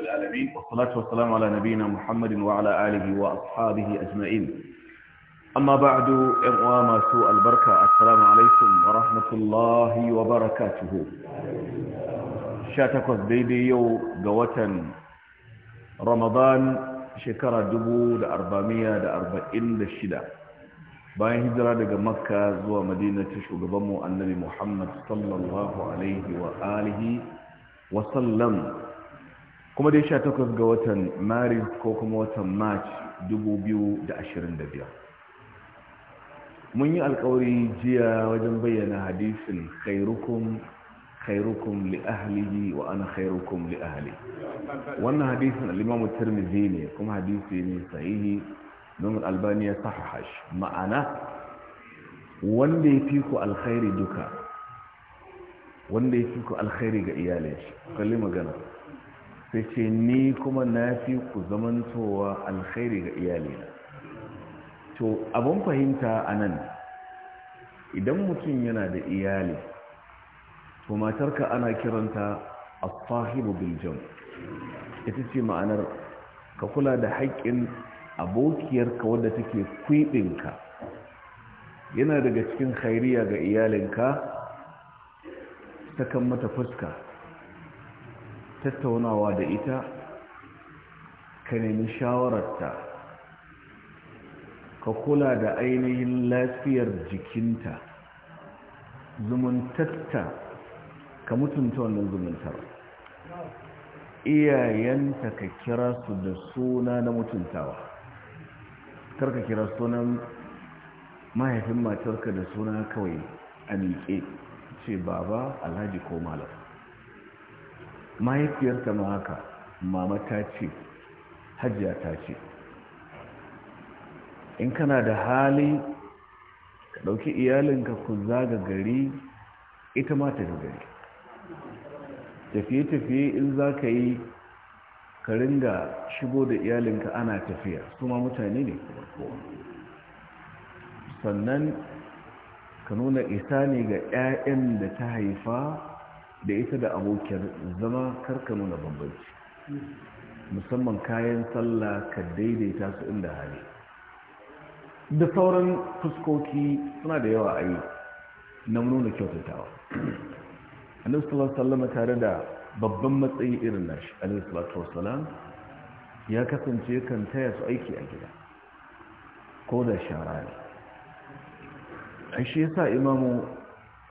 العالمين والصلاة والسلام على نبينا محمد وعلى آله وأصحابه أجمعين أما بعد إغوام سوء البركة السلام عليكم ورحمة الله وبركاته شاتكوز ديديو قوة رمضان شكرا دبو دا أربعمية دا أربعين دا الشدة باين هجرة دا مكة زوى مدينة تشو قبمو أنني محمد صلى الله عليه وآله وسلم kuma dai takwas ga watan maris ko kuma watan march 2025 mun yi alkawari jiya wajen bayyana hadisin khairukum khairukum li ahlihi wa ana khairukum li ahli wannan hadisin al-imamu tirmidhi ne kuma hadisi ne sahihi don albani ya ma'ana wanda ya fi ku alkhairi duka wanda ya fi ku alkhairi ga iyalai, shi kalli magana sai ce ni kuma na fi ku zamantowa alkhairi ga iyalina to abin fahimta a nan idan mutum yana da iyali to matarka ana kiranta a fahimu biljam ita ce ma'anar ka kula da haƙƙin abokiyarka wadda take kwiɓinka yana daga cikin khairiya ga iyalinka ta kan mata fuska tattaunawa da ita ka nemi shawararta ka kula da ainihin lafiyar jikinta zumuntatta ka mutunta wannan zumuntar iyayenta ka kira su da suna na mutuntawa kar ka kira sunan mahaifin matarka da suna kawai a miƙe ce baba alhaji ko malam Mahaifiyarta ma haka mama ta ce hajiya ta ce in kana da hali ka ɗauki iyalinka ku zaga gari ita ma ta gari tafiye-tafiye in za ka yi ka ringa shigo da iyalinka ana tafiya su ma mutane ne sannan ka nuna isa ne ga 'ya'yan da ta haifa da ita da abokin zama karka nuna bambanci musamman kayan sallah ka daidaita su inda hali da sauran fuskoki suna da yawa a yi na nuna kyautatawa annabi sallama tare da babban matsayi irin nashi alaihi salatu ya kasance kan taya su aiki a gida ko da shara ne an shi sa imamu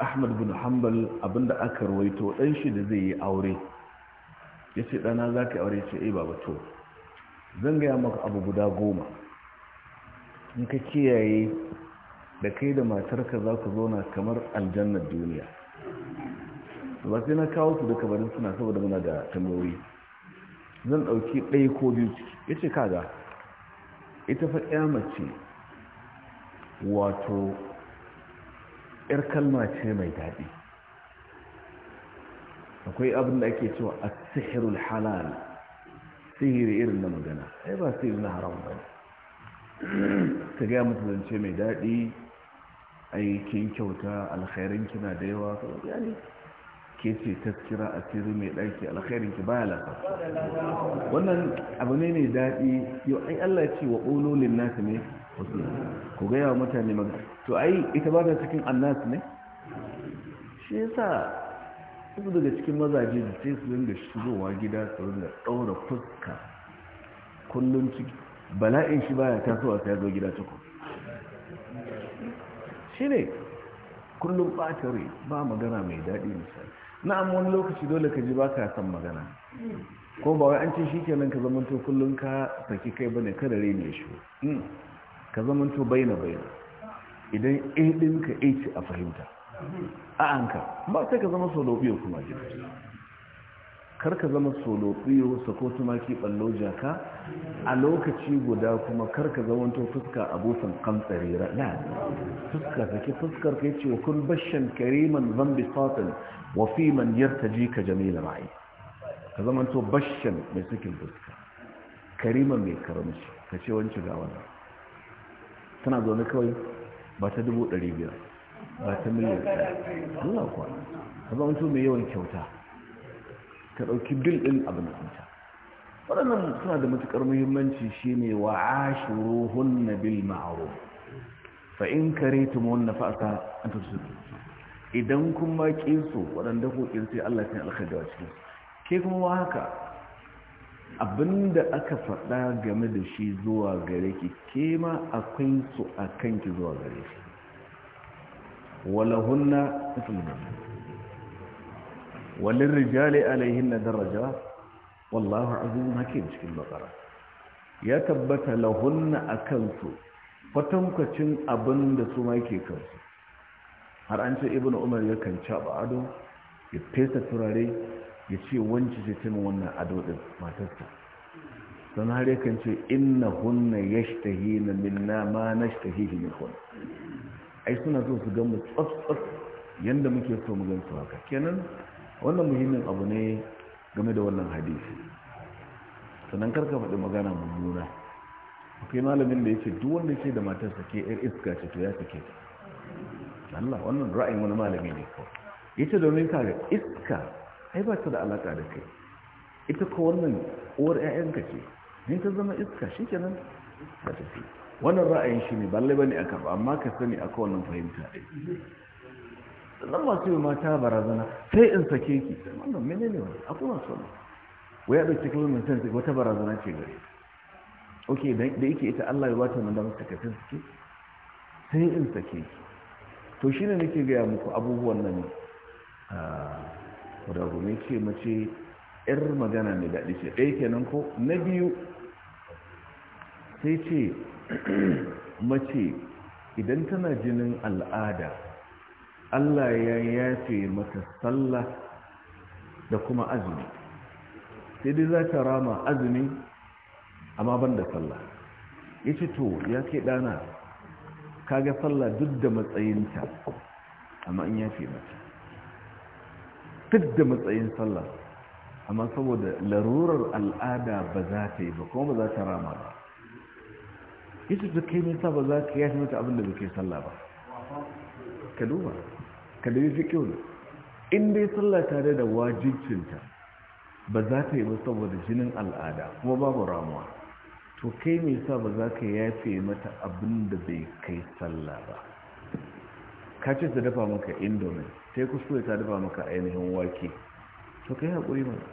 ahmad bin hanbal abinda aka rawaito dan shi da zai yi aure yace ce ɗana za ka aure ce eh baba to zan gaya maka abu guda goma in ka kiyaye da kai da matarka za ku zauna kamar aljannar duniya ba sai na kawo su da kabarin suna saboda muna da tambayoyi zan ɗauki ɗaya ko biyu ciki ya ce kaga ita fa mace wato 'yar kalma ce mai daɗi akwai abin da ake cewa a sihirul halal sihiri irin na magana ai ba sihiri na haram ba ka gaya mutu zance mai daɗi aikin kyauta alkhairin kina da yawa ya ne ke ce taskira a sirri mai ɗaki alkhairin ki baya lafa wannan abu ne mai daɗi yau ai Allah ce wa ƙololin nasu ne ku gaya wa mutane maga to ai ita ba ta cikin annas ne shi yasa su daga cikin mazaje da ce su ringa shigowa gida su ringa ɗaura fuska kullum ciki bala'in shi baya tasowa sai zo gida cikin shi ne kullum ɓata ba magana mai daɗi misali na'am wani lokaci dole ka ji baka san magana ko ba wai an ce shikenan ka zamanto kullun ka saki kai bane kada rene shi hmm. ka to baina baina idan a ka a a fahimta a anka ba sai ka zama so da kuma jira. karka zama solo tsiyo sako tumaki ballo jaka a lokaci guda kuma karka zamanto fuska abokan kamtsari na fuska take fuskar ka yace wa kun bashan kariman zambi satan wa fi man yartaji ka jamila ma'i ka zamanto bashan mai sakin fuska kariman mai karamci ka ce wanci ga wannan tana zaune kawai ba ta dubu ɗari biyar ba ta miliyan ɗaya Allah kuwa ka zamanto mai yawan kyauta ka ɗauki bil ɗin abin da kunta waɗannan suna da matuƙar muhimmanci ne wa ashiruhunna bil ma'ruf fa in karitumunna fa asa an tusudu idan kuma kinsu waɗanda ku kinsu Allah ya alkhairi wa cikin ke kuma wa haka abinda aka faɗa game da shi zuwa gare ki ke ma akwai su a kanki zuwa gare shi walahunna walin rijali alaihin na daraja wallahu azim hakim cikin bakara ya tabbata lahunna a kansu kwatankwacin abin da su ma ke kansu har an ce ibn umar ya kan caɓa ado ya fesa turare ya ce wancan ce ta wannan ado din matarsa don har ya kan ce inna hunna ya shtahi na minna ma na shtahi shi ne ai suna so su gan mu tsaf yadda muke so mu gan su haka kenan wannan muhimmin abu ne game da wannan hadisi sannan karka faɗi magana mummuna akwai malamin da ya ce duk wanda ce da matarsa ke yar iska ce to ya sake ta Allah wannan ra'ayin wani malami ne ko ce domin ka ga iska ai ba ta da alaƙa da kai ita ko wannan uwar 'ya'yanka ce Ni ta zama iska ba ta tafi wannan ra'ayin shi ne balle ne aka ba amma ka sani akwai wannan fahimta ɗin sannan masu yi mata barazana sai in sake ki wannan mene ne wani akwai masu wani wai ya ɗauki kawai mai tanzi wata barazana ce gare ok da yake ita allah ya wata wani damar sake sai suke sai in sake ki to shi ne nake gaya muku abubuwan nan ne ce mace yar magana mai daɗi ce ɗaya kenan ko na biyu sai ce mace idan tana jinin al'ada Allah ya yafe mata sallah da kuma azumi sai dai za ta rama azumi amma ban da sallah ya ce to ya ke dana kaga sallah duk da matsayinta amma in yafe mata duk da matsayin sallah amma saboda larurar al'ada ba za ta yi ba kuma ba za ta rama ba ya ce ta kai nisa ba za ka yafe mata abin da ba ke sallah ba ka duba ka da yi fikin in dai sallah tare da wajibcinta ba za ta yi ba saboda jinin al'ada kuma babu ramuwa to kai mai sa ba za ka yafe mata abin da bai kai sallah ba ka ce ta dafa maka indomin sai kuskure ta dafa maka ainihin wake to kai haƙuri mana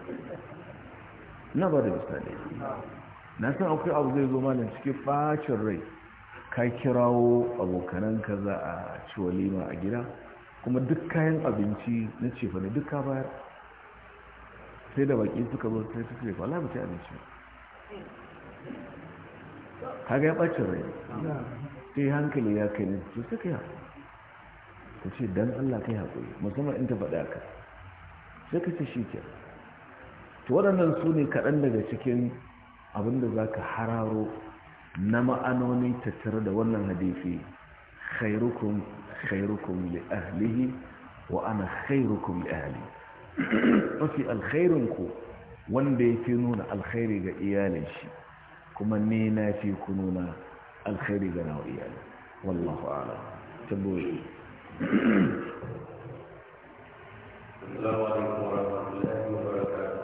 na ba da misali na san akwai abu zai zo malam cikin bacin rai ka kirawo abokananka za a ci walima a gida kuma duk kayan abinci na cefa ne duka bayar sai da baki suka zo sai suka cefa wala mace abinci ga ya ɓacin rai sai hankali ya kai ne su suka yi ta ce don allah kai haƙuri musamman in ta faɗa ka sai ka ce shi ke to waɗannan su ne kaɗan daga cikin abin da za ka hararo na ma'anoni tattare da wannan hadifi khairukum خيركم لأهله وأنا خيركم لأهلي وفي الخير لكم وان بيتنون الخير جا إيالش كما نينا في كنونا الخير لنا وإيال والله أعلم تبوي الله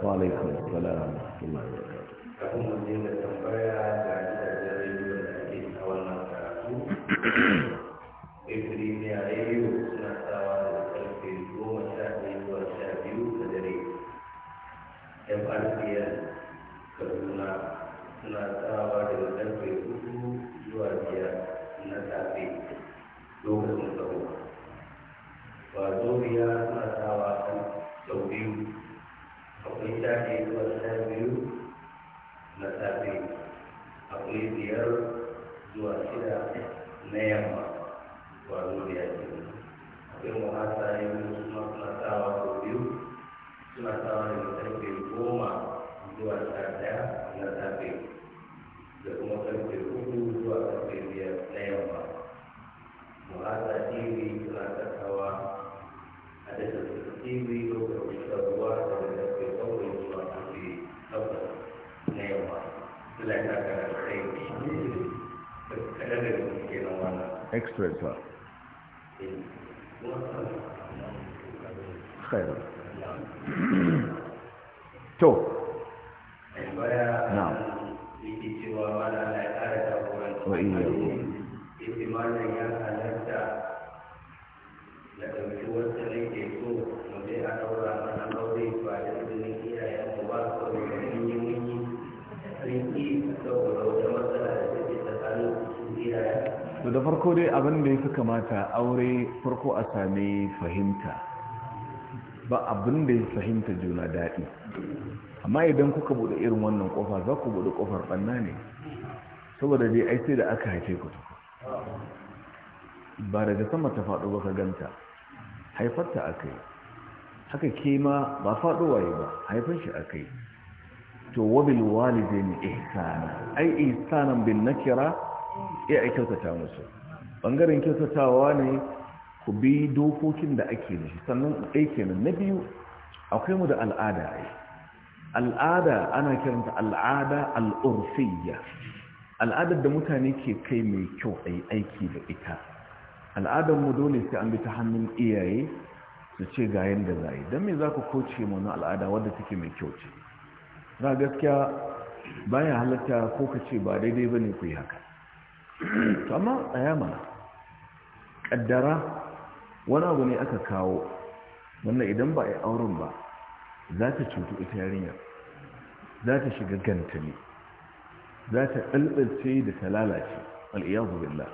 وعليكم السلام ورحمة الله وبركاته أقوم الدين التنبيع Ibrahim Ayu suna sawa da karfe goma sha ɗaya zuwa sha biyu da dare. FRCN Kaduna suna sawa daga karfe hudu zuwa biyar na safe lokacin tsawo. Wazoriya suna sawa sau biyu akwai sha ɗaya zuwa sha biyu na safe akwai biyar zuwa shida na yamma. ƙwararru da yaƙi akwai muhasa ne suna sawa ko biyu suna sawa ne karfe goma zuwa sha ɗaya na safe da kuma karfe hudu zuwa karfe biyar na yamma muhasa tv suna sakawa a dasa tv lokacin sabuwa daga karfe bakwai zuwa karfe takwas na yamma suna sakawa da kai khairu na wa farko dai abin da ya fi kamata aure farko a sami fahimta ba abin da ya fahimta juna daɗi amma idan kuka buɗe irin wannan ƙofa za ku buɗe ƙofar ɓanna ne saboda dai ai sai da aka haife ku ba daga sama ta faɗo ba ka ganta ta aka yi haka ke ma ba faɗo waye ba haifar shi aka yi to wabil walidaini ihsana ai ihsanan bin nakira iya a kyautata musu ɓangaren kyautatawa ne ku bi dokokin da ake da shi sannan aiki ne na biyu akwai mu da al'ada ai al'ada ana kiranta al'ada al'urfiyya al'adar da mutane ke kai mai kyau a aiki da ita al'adar mu dole sai an bi ta hannun iyaye su ce ga yadda za yi don me za ku kauce mana al'ada wadda take mai kyau ce za gaskiya baya halatta ko ka ce ba daidai ba ne ku yi haka amma a mana ƙaddara wani abu ne aka kawo wannan idan ba a yi auren ba za ta cutu ita yarinya za ta shiga gantali za ta ɗalɓalce da ta lalace al'iyazu billah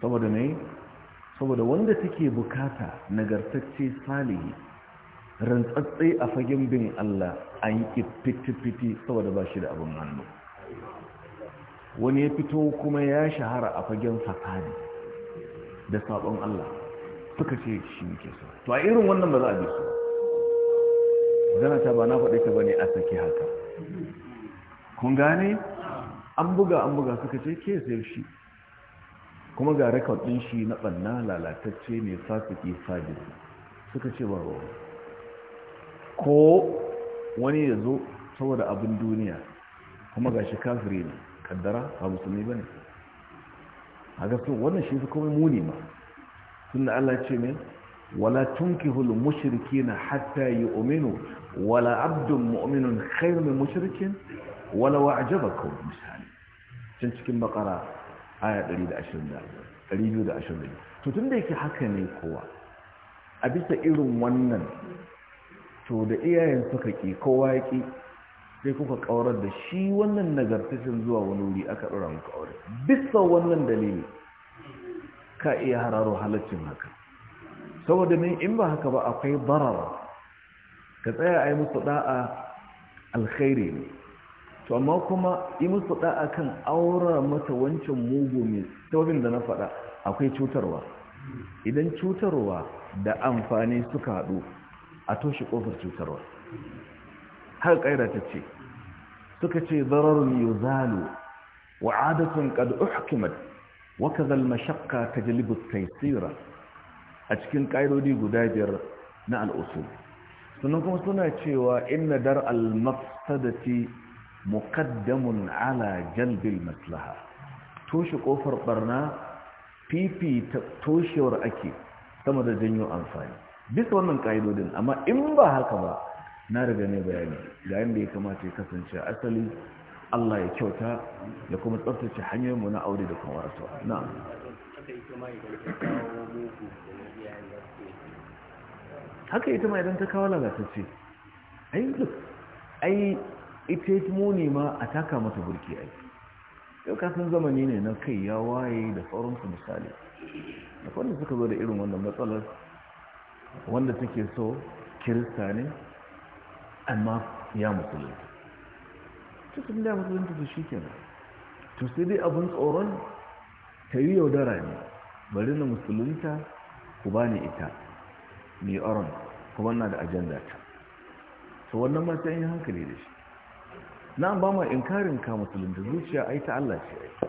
saboda ne saboda wanda take bukata nagartacce salihi rantsatse a fagen bin Allah an yi fiti-fiti saboda ba shi da abin hannu wani ya fito kuma ya shahara a fagen fasadi da sabon Allah suka ce shi muke so to a irin wannan ba za a bi su zana ta ba na faɗi ta bane a saki haka kun gane an buga an buga suka ce ke sai shi kuma ga rekod din shi na banna lalatacce ne fasiki fajir suka ce ba ruwa ko wani ya zo saboda abin duniya kuma shi kafiri ne kaddara ba musulmi ba ne a gaske wannan shi fi kawai muni ma tun da allah ce ne wala tunkihul mushrikina hatta ominu, wala abdun mu'minun khairu min mushrikin wala kawai, misali can cikin bakara aya 120 to tun da yake haka ne kowa a bisa irin wannan to da iyayen suka ki kowa ya ki sai kuka kaurar da shi wannan nagartacin zuwa wani wuri aka ɗora muku aure bisa wannan dalili ka iya hararo halaccin haka saboda mai in ba haka ba akwai barara ka tsaya a yi musu da'a alkhairi ne to amma kuma yi musu ɗa'a kan aura mata wancan mugu mai taurin da na faɗa akwai cutarwa idan cutarwa da amfani suka haɗu a toshe ƙofar cutarwa har ƙaira ta ce suka ce zararun yuzalu wa adatun qad uhkimat wa kadha al mashaqqa tajlibu tsira, a cikin ƙa'idodi guda biyar na al'usul sannan kuma suna cewa inna dar al mafsadati muqaddamun ala jalbil maslaha toshe kofar barna fifi toshewar ake sama da janyo amfani bisa wannan ƙa'idodin amma in ba haka ba na riga ne bayani ga yadda ya kamata ya kasance asali Allah ya kyauta da kuma tsaftace hanyoyinmu na aure da kuma wasu na haka ita ma idan ta kawo lalatacce ai ita muni ma a taka mata burki ai yau kasan zamani ne na kai ya waye da sauransu misali da wanda suka zo da irin wannan matsalar wanda take so kirista ne amma ya musulunta cikin da musulunta ta shi kenan to sai dai abin tsoron ta yi yaudara ne bari na musulunta ku ba ni ita mai kuma na da ajanda ta to wannan mata yin hankali da shi na ba ma inkarin ka musulunta zuciya ai ta Allah ce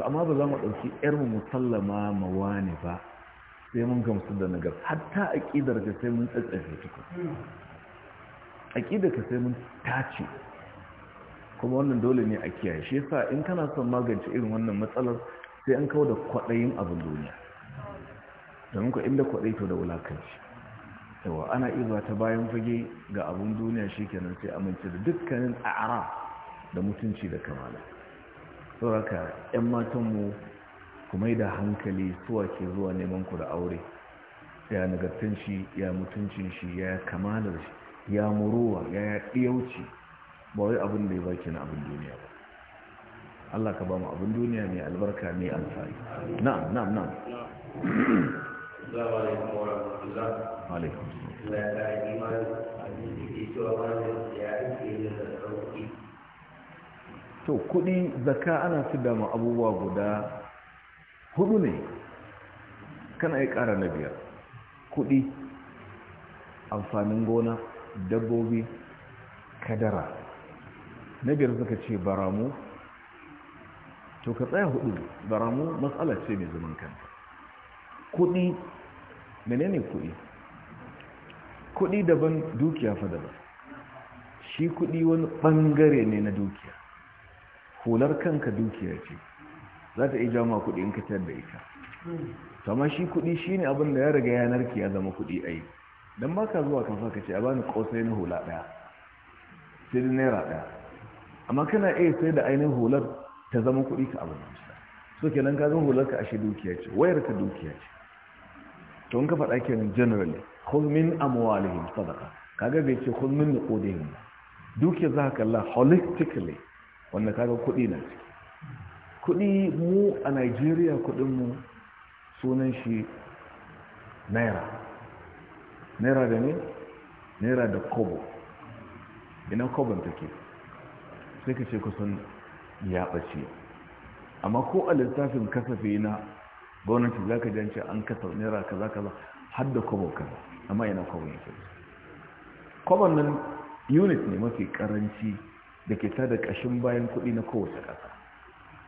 to amma ba za mu ɗauki mu musallama ne ba sai mun gamsu da nagar hatta a aƙidar da sai mun tsatsafe tukun aƙida ka sai mun tace kuma wannan dole ne a kiyaye shi yasa in kana son magance irin wannan matsalar sai an kawo da kwaɗayin abin duniya domin ku inda kwaɗai to da wulakanci yawa ana iya ta bayan fage ga abin duniya shi kenan sai amince da dukkanin a'ara da mutunci da kamala sauraka 'yan matanmu mai da hankali suwa ke zuwa neman ku da aure ya nagartun shi ya mutuncin shi ya kamalar shi ya muruwa ya ya ɗiyauci ba wai abin da ya baki na abin duniya ba Allah ka ba mu abin duniya mai albarka mai alfari na'am na'am na'am Assalamu alaikum wa rahmatullah. Alaikum assalam. Allah ya yi a cikin cewa wannan ya ake To kudi zakka ana fidda ma abubuwa guda hudu ne. Kana yi ƙara na biyar. Kuɗi, amfanin gona dabbobi kadara na biyar suka ce baramu to ka tsaya hudu baramu matsala ce mai zaman kanta kudi menene kudi kudi daban dukiya fa daban shi kudi wani bangare ne na dukiya hular kanka dukiya ce za ta iya jama kudi in ka tabbata da ita amma shi kudi shine abin da ya riga yanarki ki ya zama kudi aiki don ba ka zuwa kamfan ka ce a bani kosai na hula daya sai da naira daya amma kana iya sai da ainihin hular ta zama kuɗi ka abu shi so kenan ka zama hular ka ashe dukiya ce wayar ka dukiya ce to in ka faɗa nan generally kulmin amwalihim kaga bai ce khudh min nuqudihim dukiya za ka kalla holistically wanda kaga kuɗi na kudi mu a nigeria kuɗin mu sunan shi naira naira da ne naira da kobo ina kobon take sai ka ce kusan ya ɓace amma ko a littafin kasafi na gwamnati za ka jance an kasar naira kaza kaza har da kobo kaza amma ina kobon ya kobon nan unit ne mafi karanci da ke tada kashin bayan kuɗi na kowace ƙasa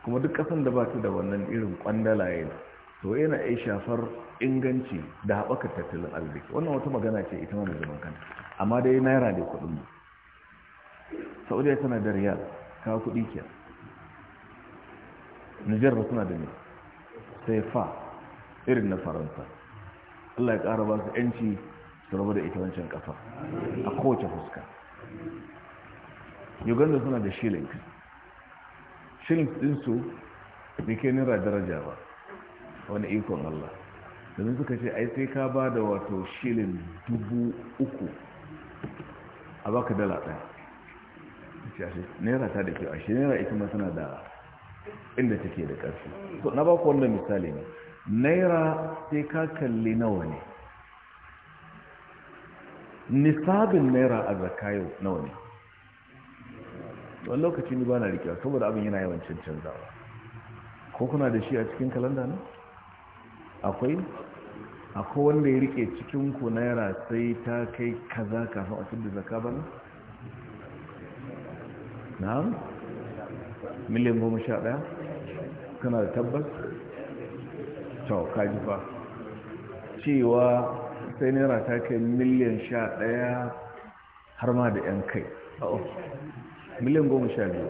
kuma duk ƙasan da ba ta da wannan irin kwandala na to yana iya shafar inganci da haɓaka tattalin arziki wannan wata magana ce ita mana zaman kanta amma dai naira da kuɗin mu saudiya tana da riyal kawo kuɗi ke nijar ba suna da ne sai fa irin na faransa allah ya ƙara ba su yanci su raba da ita wancan ƙafa a kowace fuska uganda suna da shilin shilin su bai ke naira daraja ba wani ikon Allah domin suka ce ai sai ka ba da wato shilin dubu uku a baka dala ɗaya naira ta da ke a naira ita suna da inda take da ƙarfi so na ba ku wannan misali ne naira sai ka kalli nawa ne nisabin naira a zakayo nawa ne wani lokaci ni ba na rikewa saboda abin yana yawan cancanzawa ko kuna da shi a cikin kalanda ne? akwai akwai wanda ya rike cikin ku naira sai ta kai kaza kafin a cikin da zaka ba na miliyan goma sha ɗaya kana da tabbas to kaji fa cewa sai naira ta kai miliyan sha ɗaya har ma da 'yan kai oh. miliyan goma sha biyu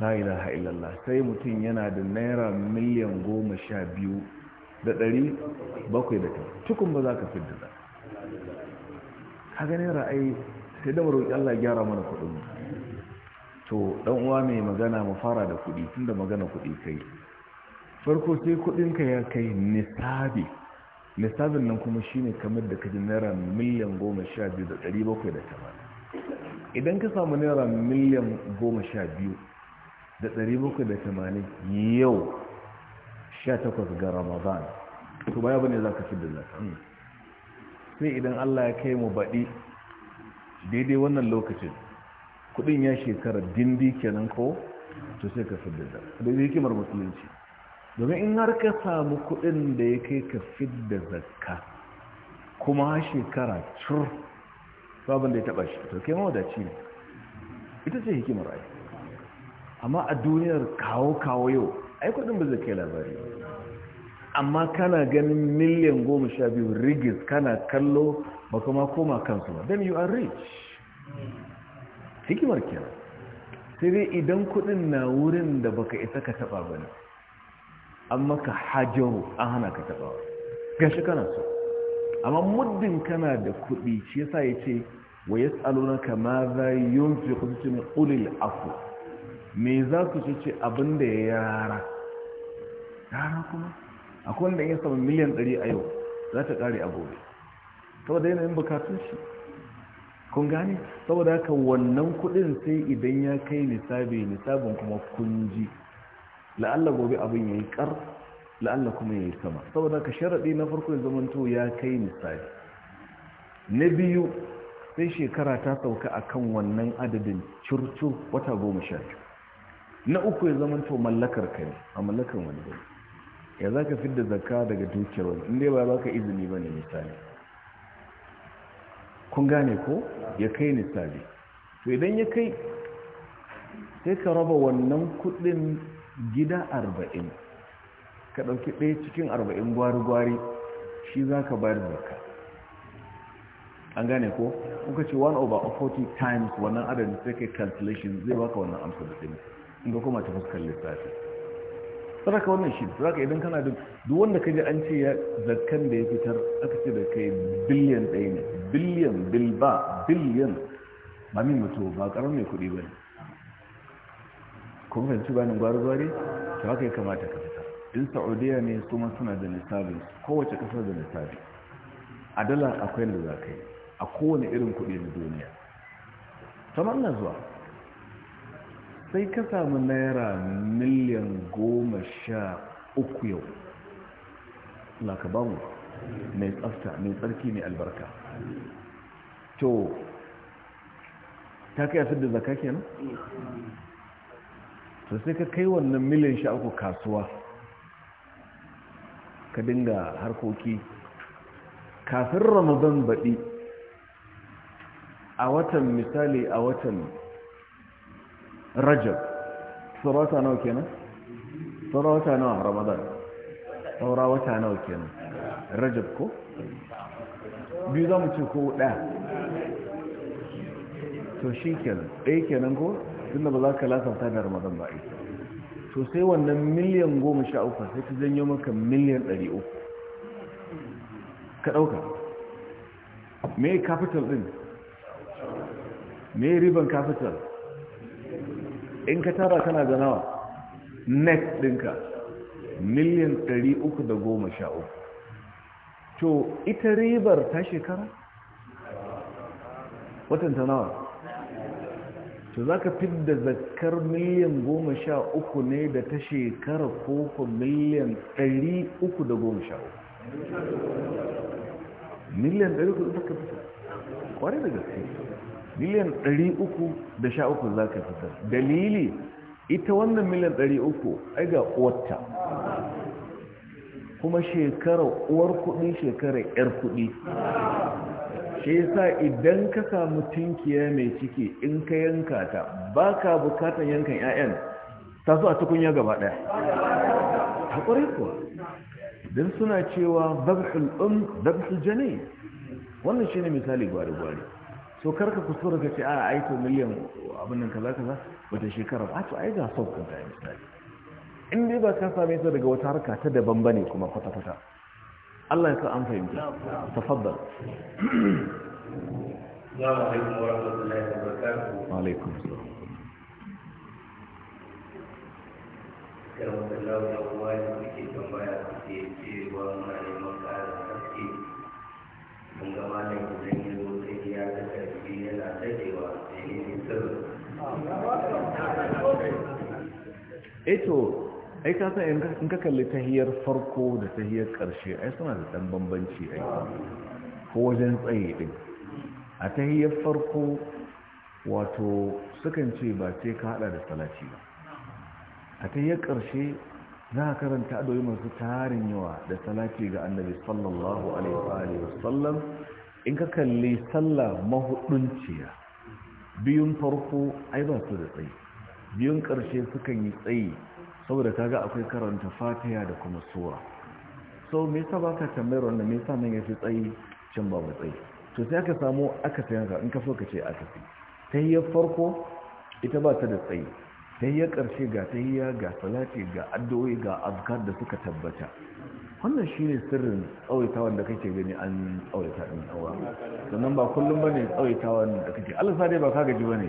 na ila ha'ilallah sai mutum yana da naira miliyan goma sha biyu da ɗari bakwai da ta tukun ba za ka fidda da ka gani ra'ayi sai da roƙi Allah gyara mana kuɗin to ɗan uwa mai magana mu fara da kuɗi tun da magana kuɗi kai farko sai kuɗinka ya kai nisabi nisabin nan kuma shine kamar da kaji naira miliyan goma sha biyu da ɗari bakwai da tamanin idan ka samu naira miliyan goma sha biyu da ɗari bakwai da tamanin yau 18 ga ramadan to baya bane za ka fi da hmm. sai idan allah ya kai mu baɗi daidai wannan lokacin kudin ya shekara dindi kenan ko to sai ka fi da daidai hikimar musulunci domin in har ka samu kudin da ya kai ka fi da zakka kuma shekara cur sabon da ya taba shi to kai mawadaci ne ita ce hikimar ai amma a duniyar kawo-kawo yau ai kudin ba zai kai labari amma kana ganin miliyan goma sha biyu rigis kana kallo ba kuma koma kansu ba then you are rich hikimar kenan sai dai idan kudin na wurin da baka isa ka taba ba ne amma ka hajjaru an hana ka taba gashi kana so amma muddin kana da kudi shi yasa ya ce wa ya tsalona kama za yi yunfi kusurcin ulil afu me za ku ce abin da ya yara rana kuma akwai wanda ya samu miliyan 100 a yau za ta kare a gobe saboda yanayin bukatun shi kun gane saboda haka wannan kudin sai idan ya kai nisabi nisabin kuma kunji la'alla gobe abin ya yi kar la'alla kuma ya yi sama saboda haka sharaɗi na farko ya zamanto ya kai nisabi na biyu sai shekara ta sauka a kan wannan adadin curcu wata goma sha biyu na uku ya zamanto mallakar ka a mallakar wani gari ya za ka fidda zakka daga dukiyar wani inda ya ba ka izini ba ne misali kun gane ko ya kai misali to idan ya kai sai ka raba wannan kudin gida arba'in ka ɗauki ɗaya cikin arba'in gwari-gwari shi za ka bayar zakka an gane ko kuka ce 1 over 40 times wannan adadin sai kai calculation zai baka wannan amsa da ɗin inda kuma ta fuskar lissafi ka wannan shi ka idan kana duk duk wanda ka ji an ce ya zakkan da ya fitar aka ce da kai biliyan ɗaya ne biliyan bilba biliyan ba min mutu ba karar mai kuɗi ba ne kuma fahimci bayanin gwari-gwari ta haka ya kamata ka fitar in saudiya ne kuma suna da nisabin kowace kasar da nisabi a dala akwai da za ka yi a kowane irin kuɗi na duniya ta manna zuwa sai ka samu naira miliyan goma sha uku yau laka bamu mai tsafta mai tsarki mai albarka to ta kai asir da zaka kenan to sai ka kai wannan miliyan sha uku kasuwa ka dinga harkoki kafin ramadan baɗi a watan misali a watan rajab saura wata nawa kenan saura wata nawa ramadan saura wata nawa kenan rajab ko biyu za mu ce ko ɗaya to shi kenan ɗaya kenan ko da ba za ka lasanta da ramadan ba ita to sai wannan miliyan goma sha uku sai ta janyo maka miliyan ɗari uku ka ɗauka me capital ɗin me riban capital in ka tara kana da nawa net ɗinka miliyan 313 to ita ribar ta shekara watan ta nawa to za ka fidda zakar miliyan 13 ne da ta shekara koko miliyan 313 miliyan ka 313 kwarai da gaske miliyan 313 za ka fitar dalili ita wannan miliyan 300 ai ga uwarta kuma shekarar uwar kudi shekara yar kudi shi yasa idan ka samu tinkiya mai ciki in ka yanka ta ba ka bukatan yankan 'ya'yan ta a tukunya gaba daya haƙuri kuwa don suna cewa zabhul um zabhul jani wannan shine misali gwari-gwari so karka kuskura ka ce a aiko miliyan abin nan kaza kaza wata shekara ba to ai ga sauka da misali in dai ba ka same ta daga wata harka ta daban bane kuma kwata kwata Allah ya sa an fahimta tafaddal Assalamu alaikum wa rahmatullahi wa barakatuh. Wa alaikum assalam. Karamakallahu ya kuwa ya kuke tambaya ce cewa mana eto eh ai ka san in ka kalli tahiyar farko da tahiyar karshe ai suna da dan bambanci ai ko wajen tsaye ɗin. a tahiyar farko wato sukan ce ba sai ka haɗa da salati ba a tahiyar karshe za ka karanta adoyi masu tarin yawa da salati ga annabi sallallahu alaihi wa sallam in ka kalli sallah mahudunciya biyun farko ai ba su da tsaye biyun ƙarshe sukan yi tsayi saboda ta ga akwai karanta fatiya da kuma sura so me yasa ka tambayar wanda me yasa nan ya yafi tsayi can babu tsayi to sai aka samu aka tayan ka in ka so ka ce aka fi tahiyyar farko ita ba ta da tsayi tahiyyar ƙarshe ga ta tahiyya ga salati ga addu'o'i ga azkar da suka tabbata wannan shi ne sirrin tsawaitawan da kake gani an tsawaita ɗin tsawa sannan ba kullum ba ne tsawaitawan da kake alisa dai ba ka gaji ba ne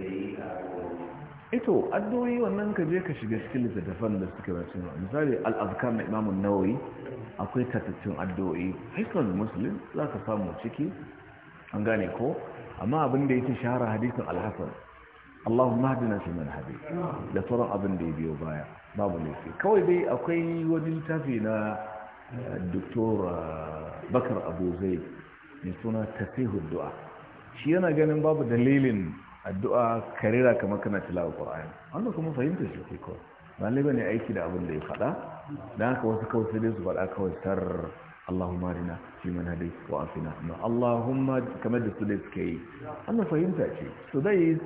ito addu'o'i wannan ka je ka shiga cikin littattafan da suka rasu misali al-azkar na imamun nawawi akwai tattattun addu'o'i hikmar musulun za ka samu ciki an gane ko amma abin da yake shahara hadisin al-hasan Allahumma hadina fi man da sauran abin da ya biyo baya babu laifi kawai dai akwai wani littafi na eh, Dr. Eh, Bakar Abu Zaid mai suna Tafihud shi yana ganin babu dalilin addu'a karera kamar kana tilawa qur'ani wannan kuma fahimta shi kai ko ne bane aiki da abin da ya faɗa dan haka wasu kawai sai su faɗa kawai tar Allahumma rina fi man hadayt wa afina amma Allahumma kamar da su da suke yi wannan fahimta ce so dai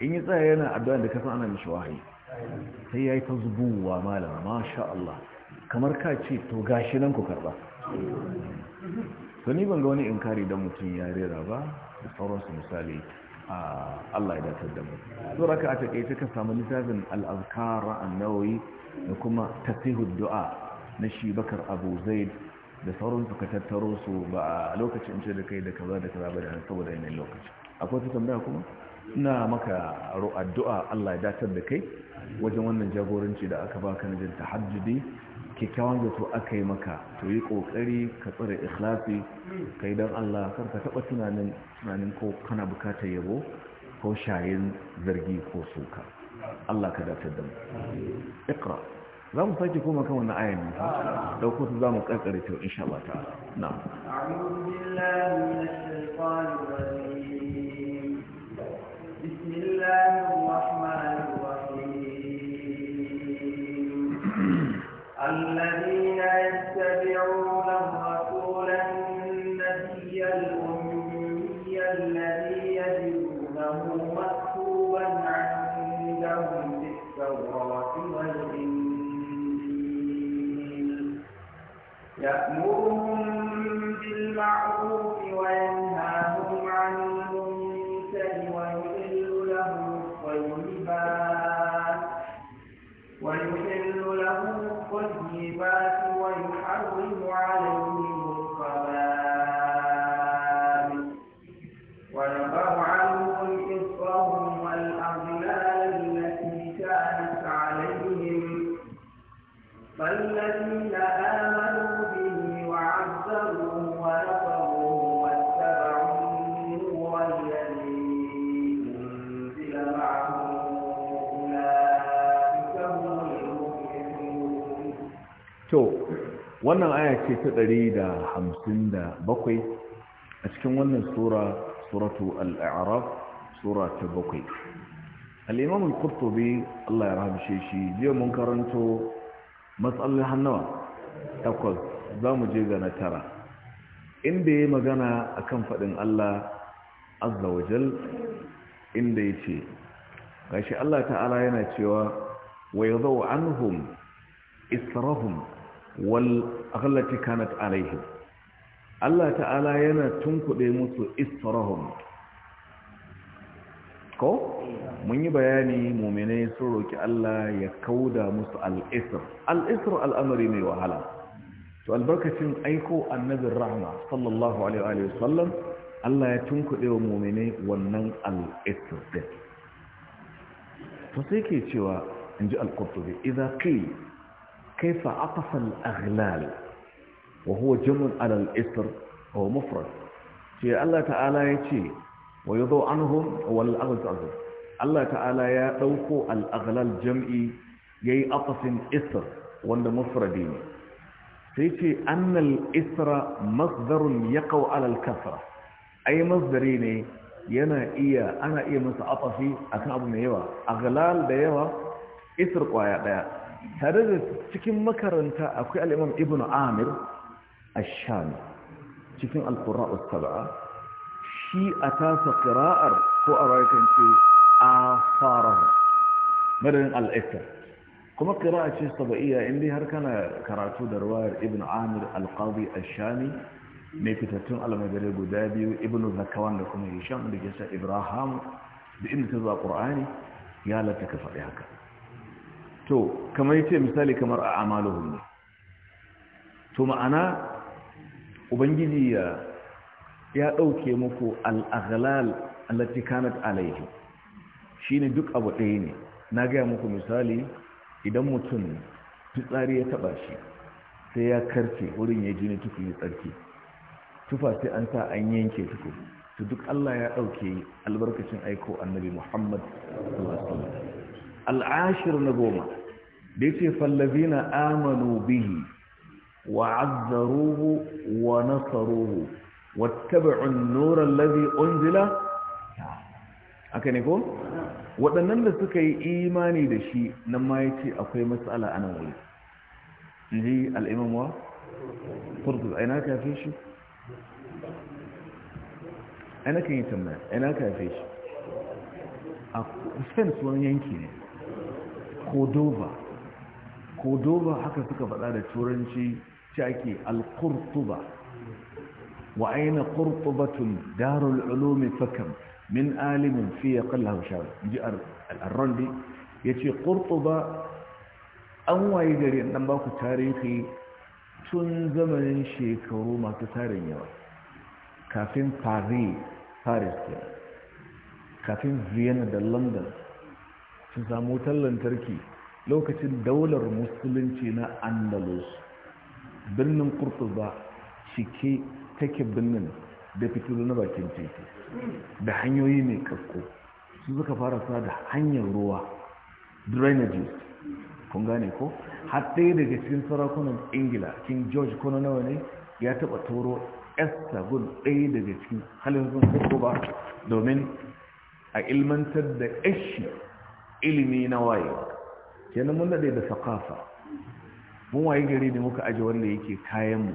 in yi tsaya yana addu'a da kasan ana mishi wahayi sai yayi ta zubuwa malama masha Allah kamar ka ce to gashi nan ku karba to ni ban ga wani inkari da mutum ya rera ba da sauransu misali Allah ya dace da mu so raka a takeice ka samu littafin al-azkar an-nawawi da kuma tasihud du'a na shi bakar abu zaid da sauransu ka tattaro su ba a lokacin ce da kai da kaza da kaza ba da saboda yanayin lokaci akwai ta tambaya kuma ina maka addu'a Allah ya datar da kai wajen wannan jagoranci da aka baka na jin tahajjudi kyakkyawan zato aka yi maka to yi kokari ka tsare ikhlasi ka yi don Allah kar ka taba tunanin ko kana bukatar yabo ko shayin zargi ko suka Allah ka dace da Ikra, za mu sake koma kan wani ayan ne dauko su za mu karkare ta insha Allah ta'ala Na. wannan aya ce ta 157 a cikin wannan sura suratu al-a'raf sura ta bakwai. al-imam al-qurtubi Allah ya rahmshe shi jiya mun karanto matsalar hannawa takwas zamu je ga na tara inda yayi magana akan faɗin Allah azza wajal inda yace gashi Allah ta'ala yana cewa wa yadhu anhum israhum wal aghlati kanat alaihim Allah ta'ala yana tunkuɗe musu israhum ko mun yi bayani muminai sun roki Allah ya kauda musu al-isr al'amari mai wahala to albarkacin aiko annabin rahma sallallahu alaihi wa sallam Allah ya tunkuɗe wa muminai wannan al ɗin din to sai ke cewa inji al-qurtubi idza كيف عطف الأغلال وهو جمع على الإسر هو مفرد في الله تعالى يتي ويضو عنهم والأغلال تعذر الله تعالى يدوكو الأغلال جمعي يي عطف إسر وأن مفردين سيتي أن الإسر مصدر يقو على الكثرة أي مصدرين yana iya ana iya masa afafi akan abu mai yawa aghlal da yawa isr kwaya daya tare da cikin makaranta akwai al'imam ibn amir ashami cikin alkura ustaba'a shi a tasa ƙira'ar ko a rayukan ce a fara madadin al'aikar kuma ƙira'a ce saba'iya inda har kana karatu da ruwayar ibn amir alƙazi ashami mai fitattun almadare guda biyu ibn zakawan da kuma hisham da ke sa ibrahim da inda ta zuwa ƙur'ani ya lata ka faɗi haka to kamar yace misali kamar a amaluhum ne to ma'ana ubangiji ya ya dauke muku al-aghlal allati kanat alayhi shine duk abu ɗaya ne na gaya muku misali idan mutum fitsari ya taba shi sai ya karce wurin ya jini ya tsarki tufa sai an sa an yanke tuku to duk Allah ya dauke albarkacin aiko annabi Muhammad sallallahu alaihi wasallam al'ashir na goma da ce yake na amanu bihi wa azzaruhu wa nasaruhu wattabi'u an-nura allazi unzila aka ne ko waɗannan da suka yi imani da shi nan ma yace akwai matsala a nan wuri inji al-imam wa qurtu aina ka fi shi aina kan yi tambaya aina ka fi shi a sense wani yanki ne cordova cordova haka suka faɗa da turanci shaki al wa aina qurtubatun darul ulumi fakam min alimin fi yaqallahu shar ji al ya yace qurtuba an waye gari dan ba ku tarihi tun zamanin shekaru masu tarin yawa kafin paris paris kafin vienna da london sun samu wutar lantarki lokacin daular musulunci na andalus birnin kurtuba shike take birnin da fitilu na bakin teku da hanyoyi mai kakko su suka fara sa da hanyar ruwa drainages kun gane ko har daga cikin sarakunan ingila king george kono nawa ne ya taɓa toro estagon ɗaya daga cikin halin sun kurtuba domin a ilmantar da eshi ilimi na waye kenan mun daɗe da sakafa mun waye gari ne muka aji wanda yake kayanmu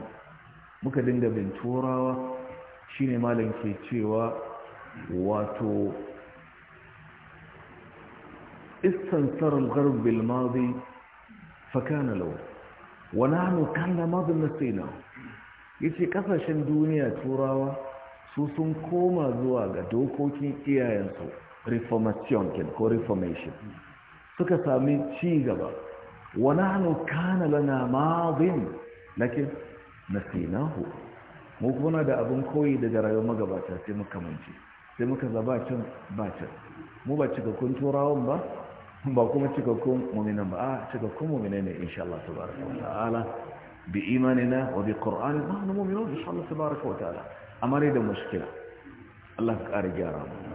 muka dinga bin turawa shine malam ke cewa wato madi fa kana law wa ونحن kana ماضي نسينا yace kasashen duniya turawa su sun koma zuwa ga dokokin iyayensu reformation ko reformation suka sami ci gaba wa nahnu kana lana madin mu da abin koyi daga rayuwar magabata sai muka sai muka can ba can mu ba cikakkun turawan ba ba kuma cikakkun mu'minan ba a cikakkun mu'minai ne insha Allah wa ta'ala bi imanina wa bi insha Allah wa ta'ala da mushkila Allah ka gyara mu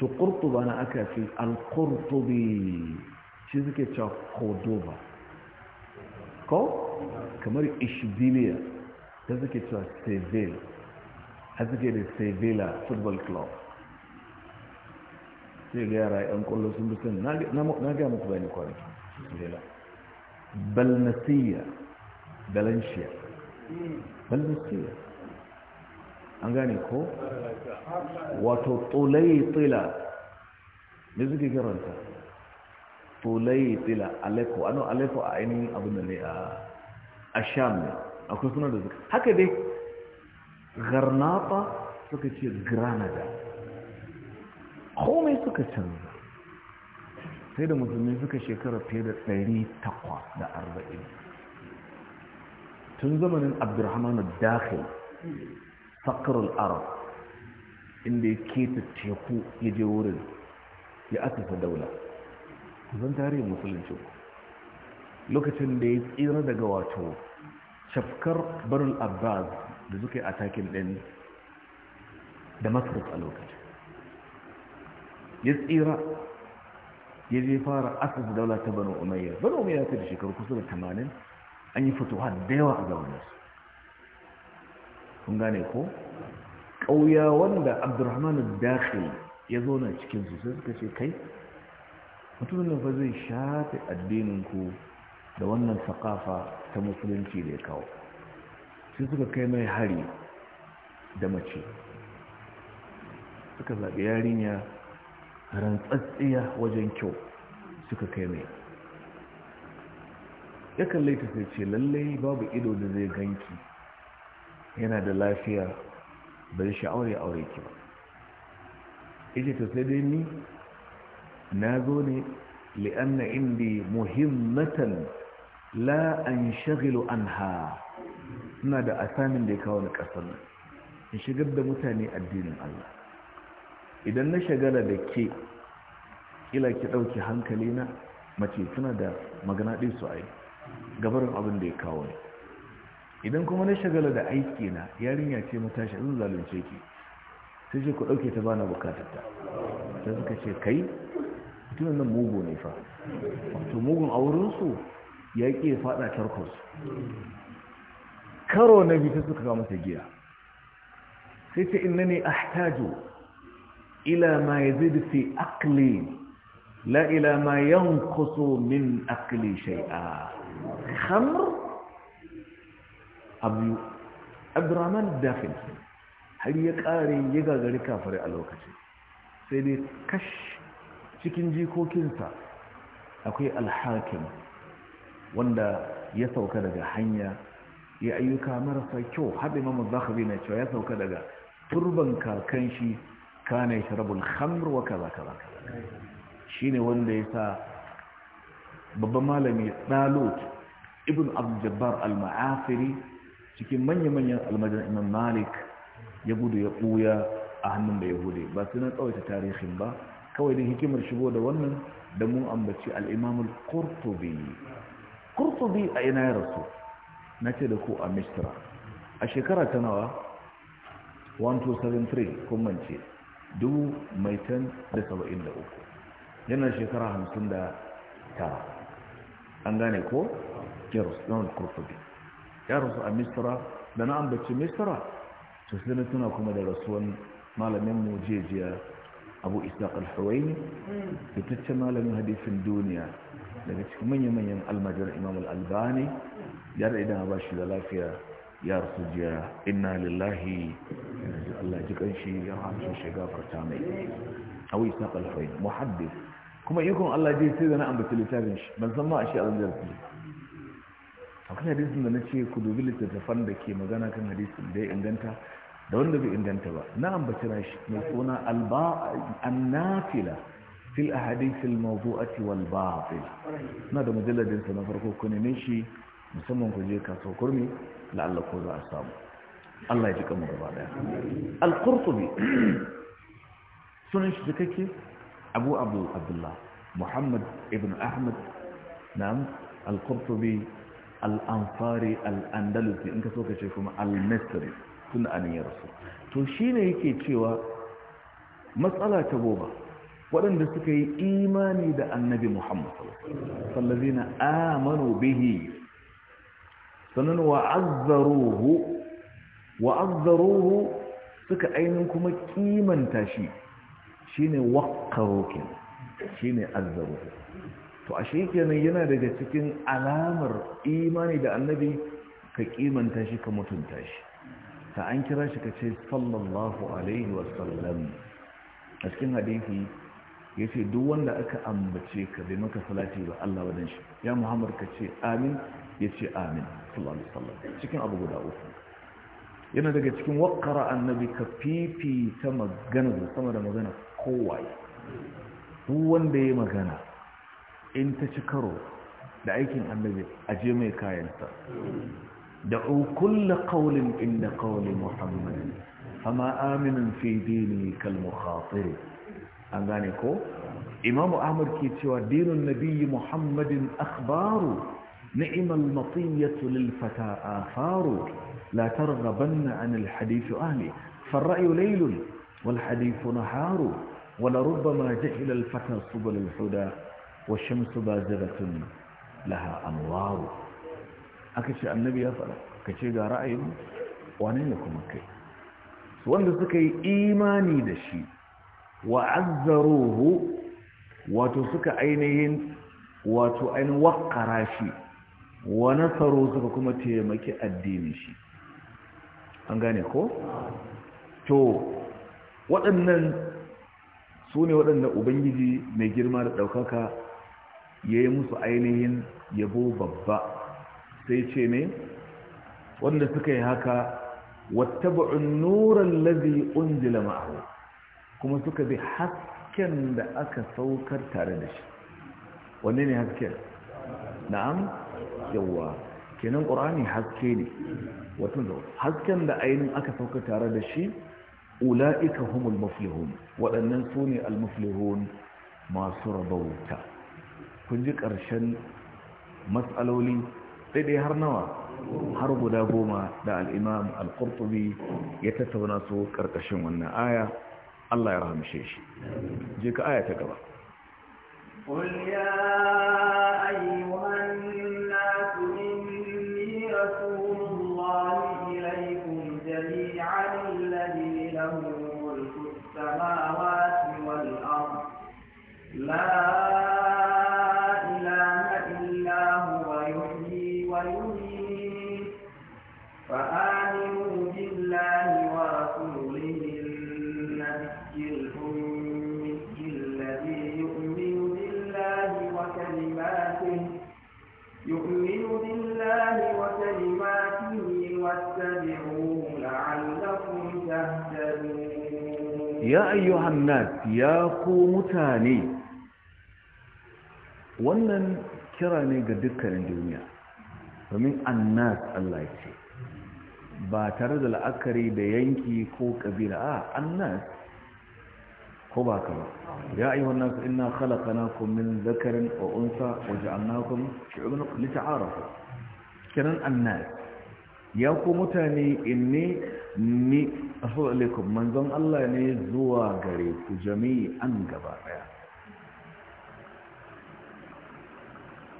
to kurtuba na aka ce al-kurtubi shi suke cewa cordoba ko kamar ishbiliya ta suke cewa sevilla a suke da sevilla football club sai ga yara yan kwallo sun bi sani na ga muku bayani kwanaki sevilla balnasiya balanciya balnasiya an gane ko wato tulaitila ne suke kiranta tulaitila aleko ano aleko a ainihin abin da ne a sham ne akwai suna da zuka haka dai garnata suka ce granada komai suka canza sai da musulmi suka shekara fiye da takwa da arba'in, tun zamanin abdurrahman dakhil fakarul arab inda ya keta teku ya je wurin ya asasa daula kusan tarihin musulunci lokacin da ya tsira daga wato shafkar barul abbas da suka yi atakin ɗin da masar a lokacin ya tsira ya je fara asasa daula ta banu umayya banu umayya ta da shekaru kusa da 80 an yi fito da yawa a zaunar su kun gane ko ƙauya wanda abdurrahman dakhil ya zo na cikin su sai suka ce kai mutumin da fa zai shafe addinin ku da wannan sakafa ta musulunci da ya kawo sai suka kai mai hari da mace suka zaɓi yarinya rantsatsiya wajen kyau suka kai mai ya kalle ta sai ce lallai babu ido da zai ganki yana da lafiya bai sha'awar ya aure ki ba ita ta sai dai ni na zo ne li'anna indi muhimmatan la an shagilu anha suna da asamin da ya kawo na ƙasar nan. in shigar da mutane addinin Allah idan na shagala da ke kila ki ɗauki hankali na mace suna da magana ɗin su a yi gabarin abin da ya kawo ne idan kuma na shagala da aiki na yarinya ce mu tashi in zalunce ki sai ce ku dauke ta bana bukatar ta sai suka ce kai mutumin nan mugu ne fa wato mugun auren su ya ƙi faɗa tarkonsu karo na bi ta suka ga masa giya sai ce inna ne a ila ma yazid fi aqli la ila ma yanqusu min aqli shay'a khamr abu abdurrahman Dafin, har ya ƙare ya gagari kafare a lokacin sai dai kash cikin jikokinsa akwai alhakin. wanda ya sauka daga hanya ya ayyuka marasa kyau haɗe mamu ka na cewa ya sauka daga turban kakan shi kane sharabul khamr wa kaza kaza shine wanda ya sa babban malami dalut ibn abdul jabbar al-ma'afiri cikin manya-manyan almajan imam malik ya gudu ya ɓuya a hannun da yahudi ba su nan tsawaita tarihin ba kawai da hikimar shigo da wannan da mun ambaci al'imamul kurtubi kurtubi a ina ya rasu na ce da ku a mistra a shekara ta nawa 1273 kun mance dubu mai tan da saba'in da uku yana shekara hamsin da tara an gane ko kirus don kurtubi ya rasu a misra da na ambaci misra to sai na tuna kuma da rasuwan malamin mu jejiya abu isaq al-huwaini fitaccen malamin hadisin duniya daga cikin manya-manyan almajar imam al-albani ya da idan ba shi da lafiya ya rasu jiya inna lillahi Allah ji kanshi ya hamsu shi farta mai abu isaq al-huwaini muhaddis kuma ikon Allah ji sai da na ambaci littafin shi ban san ma a shi aljar akwai hadisin da na ce ku dubi littattafan da ke magana kan hadisin da ya inganta da wanda bai inganta ba na ambaci shi mai suna annafila fil ahadithil mawdu'ati wal batil na da mujalladin sa na farko ku neme shi musamman ku je kaso kurmi la'alla ko za a samu Allah ya ji kamar gaba daya al-qurtubi sunan shi kake abu abdullah muhammad ibn ahmad na al-qurtubi al'amfari al'andalusi in ka so ka ce kuma al tun da aniyar su. to shi ne yake cewa matsala ta goma waɗanda suka yi imani da annabi muhammad sallazi na amano bihi sannan wa'azzaruhu wa'azzaruhu suka ainihin kuma kimanta shi shi ne wakkaro shi ne azzaruhu to a kenan yana daga cikin alamar imani da annabi ka kimanta shi ka mutunta shi ta an kira shi ka ce sallallahu alaihi wasallam a cikin hadithi ya ce duk wanda aka ambace ka bai maka salati ba Allah wadan shi ya muhammad ka ce amin ya ce amin sallallahu alaihi wasallam cikin abu guda uku yana daga cikin wakara annabi ka fifita magana sama da magana kowaye duk wanda ya magana in ta ci karo da aikin annabi a je mai kayanta da kulla qawlin inda qawli muhammadin fama aminin fi dini kal mukhatir an gane ko imam ahmad ke cewa dinin nabiyyi muhammadin akhbaru ni'mal matiyatu lil fata afaru la targhabanna an al hadith ahli فالرأي ليل والحديث نهار ولربما جهل الفتى سبل الهدى wa shamsu baziratun laha anwaru aka ce annabi ya fara ka ce ga ra'ayin wane ne kuma kai wanda suka yi imani da shi wa wato suka ainihin wato wakara shi wa nasaru suka kuma taimaki addinin shi an gane ko? to waɗannan su waɗanda ubangiji mai girma da ɗaukaka ya yi musu ainihin yabo babba sai ce ne wanda suka yi haka wattaba'un nuran lazi unzila ma'ahu kuma suka bi hasken da aka saukar tare da shi wanne ne hasken na'am yawwa kenan ƙorani haske ne wato hasken da ainihin aka saukar tare da shi ula'ika humul muflihun waɗannan su ne al-muflihun masu rabauta kun ji ƙarshen matsaloli daidai har nawa har guda goma da al'imam al ya tattauna su ƙarƙashin wannan aya Allah ya rahamshe shi je ka aya ta gaba قل يا أيها الناس إني رسول الله إليكم جميعا الذي له ملك السماوات والأرض لا ya ayyuhan nas ya ku mutane wannan kira ne ga dukkanin duniya domin annas Allah ya ce ba tare da la'akari da yanki ko ƙabila. a annas ko ba ka ba ya ayyuhan nas inna khalaqnakum min dhakarin wa unsa wa ja'alnakum shu'uban lita'arafu kiran annas ya ku mutane inni ni alaikum manzon Allah ne zuwa gare ku jami'an gaba daya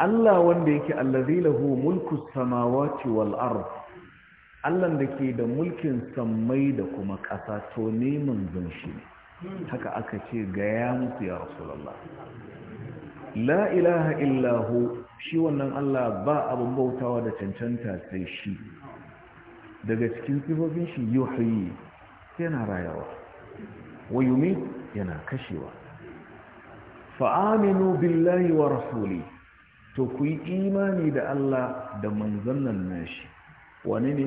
Allah wanda yake allazi lahu mulku samawati wal ard Allah da ke da mulkin sammai da kuma ƙasa to ne manzon shi haka aka ce gaya musu ya rasulullah la ilaha illahu shi wannan Allah ba abun bautawa da cancanta sai shi daga cikin sifofin shi yuhyi yana rayawa wa yana kashewa fa'aminu billahi wa rasuli to ku yi imani da Allah da manzannan nashi wani ne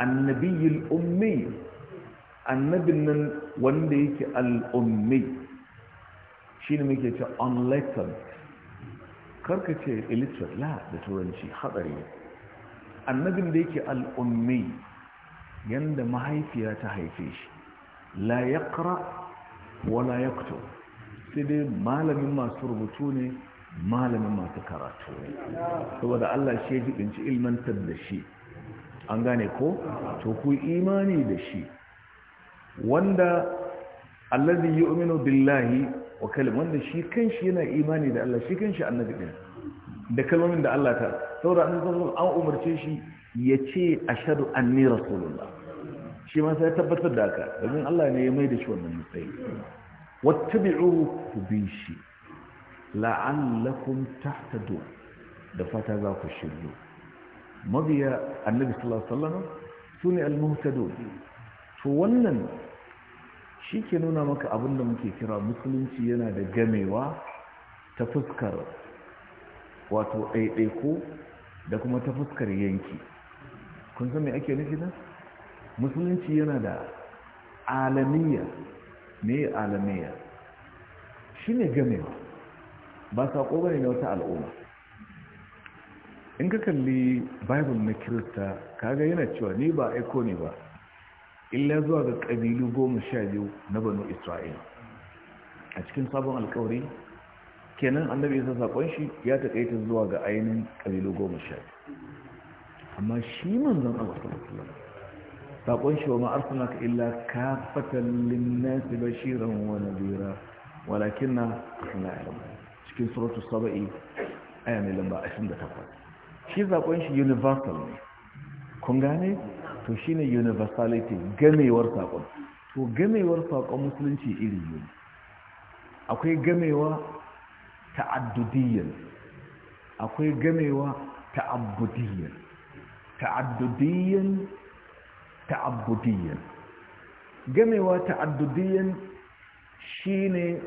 annabiyil ummi annabin nan wanda yake al'ummi shi ne muke ce unlettered karka ce illiterate la da turanci haɗari annabin da yake al'ummi yanda mahaifiya ta haife shi la yaqra wa la yaktub sai dai malamin masu rubutu ne malamin masu karatu ne saboda Allah shi ya jibinci ilmantar da shi an gane ko to ku imani da shi wanda allazi yu'minu billahi wa kalim wanda shi kanshi yana imani da Allah shi kanshi annabi din da kalmomin da Allah ta saboda an zo an umarce shi ya ce a shaɗu an ni rasulullah shi ma sai tabbatar da aka domin Allah ne ya mai da shi wannan matsayi wata bi'u ku bi shi la'allakum tahtadu da fata za ku shiryu mabiya annabi sallallahu alaihi wasallam sune al to wannan shi ke nuna maka abin da muke kira musulunci yana da gamewa ta fuskar wato ɗaiɗaiko da kuma ta fuskar yanki kun san me ake nufi nan musulunci yana da alamiya me alamiya shine game ba saƙo bane na wata al'umma in ka kalli bible na kirista kaga yana cewa ni ba aiko ne ba illa zuwa ga ƙabilu goma sha biyu na banu isra'ila a cikin sabon alkawari kenan annabi ya sa saƙon shi ya taƙaita zuwa ga ainihin ƙabilu goma sha biyu amma shi manzon Allah saƙon shi wa ma'arsuna ka illa kafatan linnasi bashiran wa nadira walakin na na ilmu cikin suratu saba'i aya mai lamba 28 shi zaƙon shi universal ne kun gane to shine universality gamewar saƙon to gamewar saƙon musulunci iri ne akwai gamewa ta'addudiyyar akwai gamewa ta'abbudiyyar ta'addudiyyan ta'abbudiyyan gamewa ta'addudiyyan shine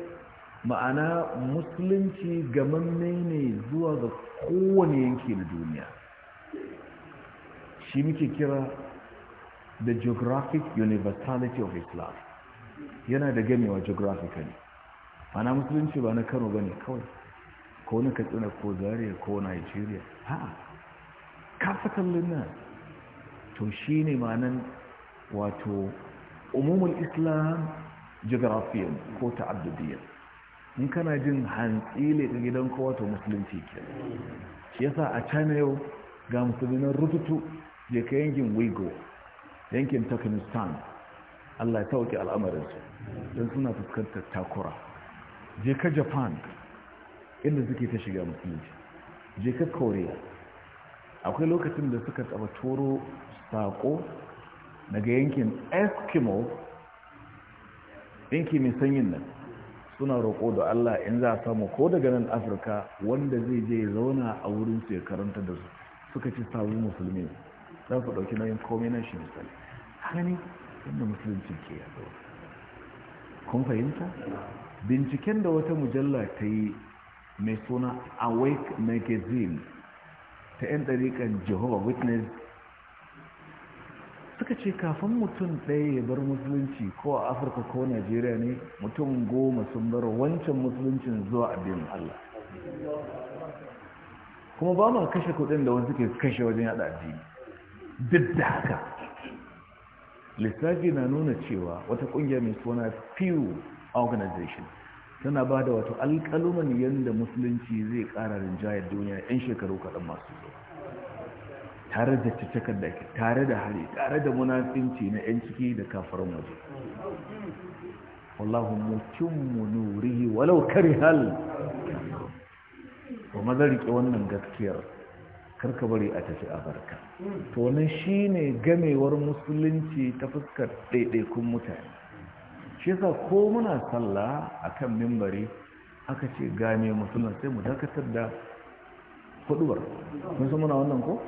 ma'ana musulunci gamanne ne zuwa ga kowane yanki na duniya shi muke kira the geographic universality of islam yana da gamewa geographically ma'ana musulunci ba na kano ba ne kawai ko na katsina ko zaria ko nigeria ha kasa kallon nan to shi ne manan wato umumul islam geografiyan ko ta'addudiyyar in kana jin hantsi ne ga gidan musulunci ke shi yasa a china yau ga musulmin rututu je ka yankin wigo yankin turkmenistan allah ya tauke al'amarinsu don suna fuskantar takura je ka japan inda suke ta shiga musulunci je ka korea akwai lokacin da suka taba turo sako daga yankin eskimo yanki mai sanyin nan suna roƙo da allah in za a samu ko daga nan afirka wanda zai je zauna a wurin su ya karanta da su suka ci sabu musulmi za su ɗauki yin komai na shi misali hani inda musulunci ke yaduwa kun fahimta binciken da wata mujalla ta yi mai suna awake magazine ta 'yan ɗarikan jehovah witness suka ce kafin mutum ɗaya ya bar musulunci ko a afirka ko najeriya ne mutum goma sun bar wancan musuluncin zuwa abin allah kuma ba ma kashe kudin da wasu ke kashe wajen yada addini duk da haka lissafi na nuna cewa wata kungiya mai suna pew organization tana ba da wato alƙaluman yadda musulunci zai ƙara rinjayar duniya 'yan shekaru kaɗan masu zuwa tare da cikakken da ke, tare da hari tare da munafinci na 'yan ciki da kafarin waje wallahu mutimmu nurihi walau kari hal. ba maza rike wannan gaskiyar karka bari a tafi a barka to wannan ne gamewar musulunci ta fuskar ɗaiɗaikun mutane shi yasa ko muna sallah akan mimbari aka ce game musulman sai mu dakatar da kuduwar mun san muna wannan ko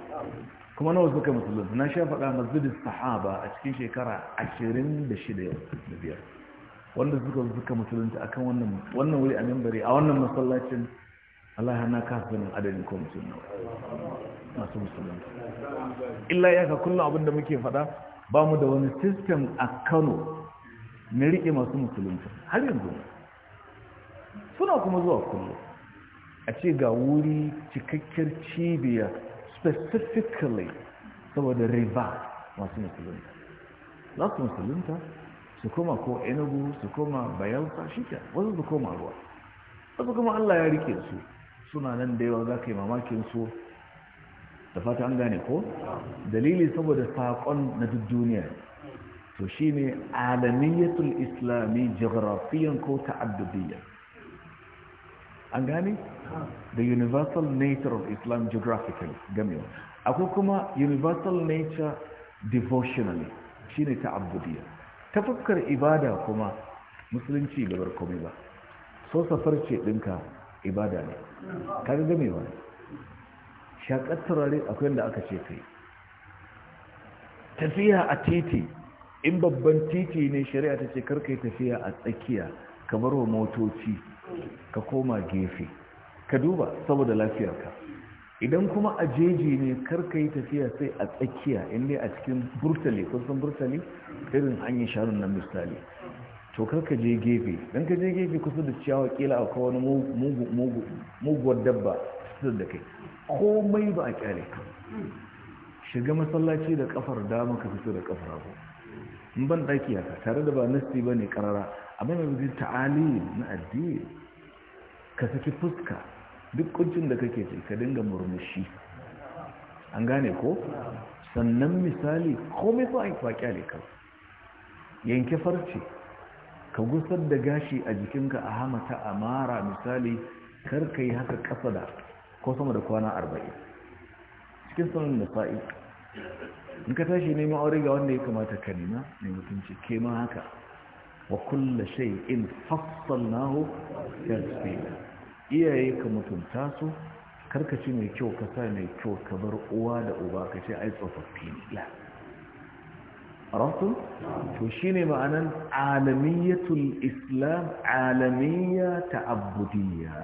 kuma nawa suka musulman na sha faɗa zubin sahaba a cikin shekara 26 yau da biyar wanda suka suka musulunta a kan wannan wuri a mimbari a wannan masallacin Allah ya na kasa sanin adadin ko mutum masu musulunta illa ya ka kullum abin da muke faɗa ba mu da wani system a Kano na riƙe masu musulunci har yanzu suna kuma zuwa kullum a ce ga wuri cikakkiyar cibiya specifically saboda riba masu musulunci za su musulunta su koma ko enugu su koma bayansa shi ke wasu su koma ruwa wasu kuma allah ya rike su suna nan da yawa za ka yi mamakin su da fata an gane ko dalili saboda saƙon na duk duniya to shine alamiyatul islami geografiyan ko ta'addudiyya an gani? the universal nature of islam geographically gamewa akwai kuma universal nature devotionally shi ne ta'addudiyya ta fuskar ibada kuma musulunci gabar komai ba so safar ce ɗinka ibada ne ka ga gamewa ne shaƙar turare akwai yadda aka ce kai tafiya a titi in babban titi ne shari'a ta ce karka tafiya a tsakiya ka bar wa motoci ka koma gefe ka duba saboda ka, idan kuma a jeji ne karka yi tafiya sai a tsakiya inda a cikin burtali kusan burtali irin hanyar shanun nan misali to karka je gefe don ka je gefe kusa da ciyawa kila a wani muguwar dabba su da kai komai ba a kyale shiga masallaci da kafar dama ka fito da kafar abu ban daki haka tare da ba nasti ba ne karara amma mai bizi ta'ali na addini ka saki fuska duk kuncin da kake ce ka dinga murmushi an gane ko sannan misali komai ko ai ba kyale ka yanke farce ka gusar da gashi a jikinka a hamata a mara misali kar ka yi haka kasa da ko sama da kwana arba'in cikin sanin nasa'i in ka tashi neman aure ga wanda ya kamata ka nema mai mutunci ke ma haka wa kulla shay in fassalnahu tasbila iyaye ka mutunta su karkaci mai kyau ka sa mai kyau ka bar uwa da uba ka ce ai tsofaffi ne la arafin to shine ma'anan alamiyatul islam alamiya ta'abbudiyya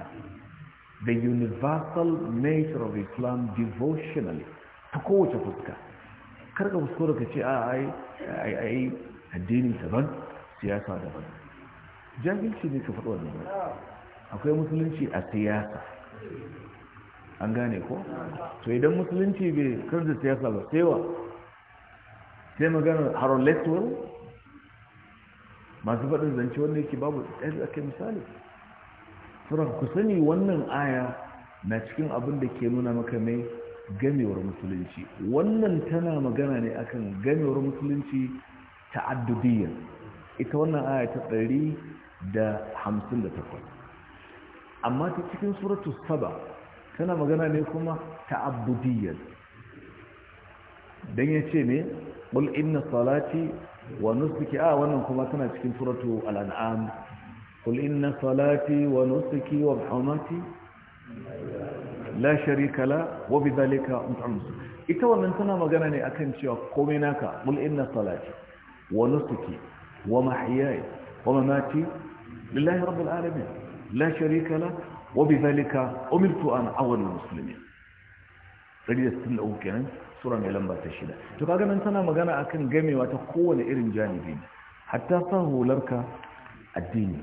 the universal nature of islam devotionally ta kowace fuska karka kuskura ka ce a ai addini daban siyasa daban jahilci ne ka faɗo wannan ba akwai musulunci a siyasa an gane ko to idan musulunci bai karda siyasa ba sai wa sai magana haron letwell masu faɗin zance wanda yake babu ɗaya ake misali sura ku sani wannan aya na cikin abin da ke nuna maka mai gamewar musulunci wannan tana magana ne akan gamewar musulunci ta'addudiyyar ita wannan aya ta 158 amma ta cikin suratu saba tana magana ne kuma ta'abbudiyyar dan yace ne qul inna salati wa nusuki a wannan kuma tana cikin suratu al-an'am inna salati wa nusuki wa hamati la sharika la wa bidhalika mut'amus ita wannan tana magana ne akan cewa komai naka mul inna salati wa nusuki wa mahyaya wa mamati lillahi rabbil alamin la sharika la wa bidhalika umirtu an awwal muslimin radiya 63 kenan sura mai lamba ta shida to kaga nan tana magana akan gamewa ta kowane irin janibi hatta sa hularka addini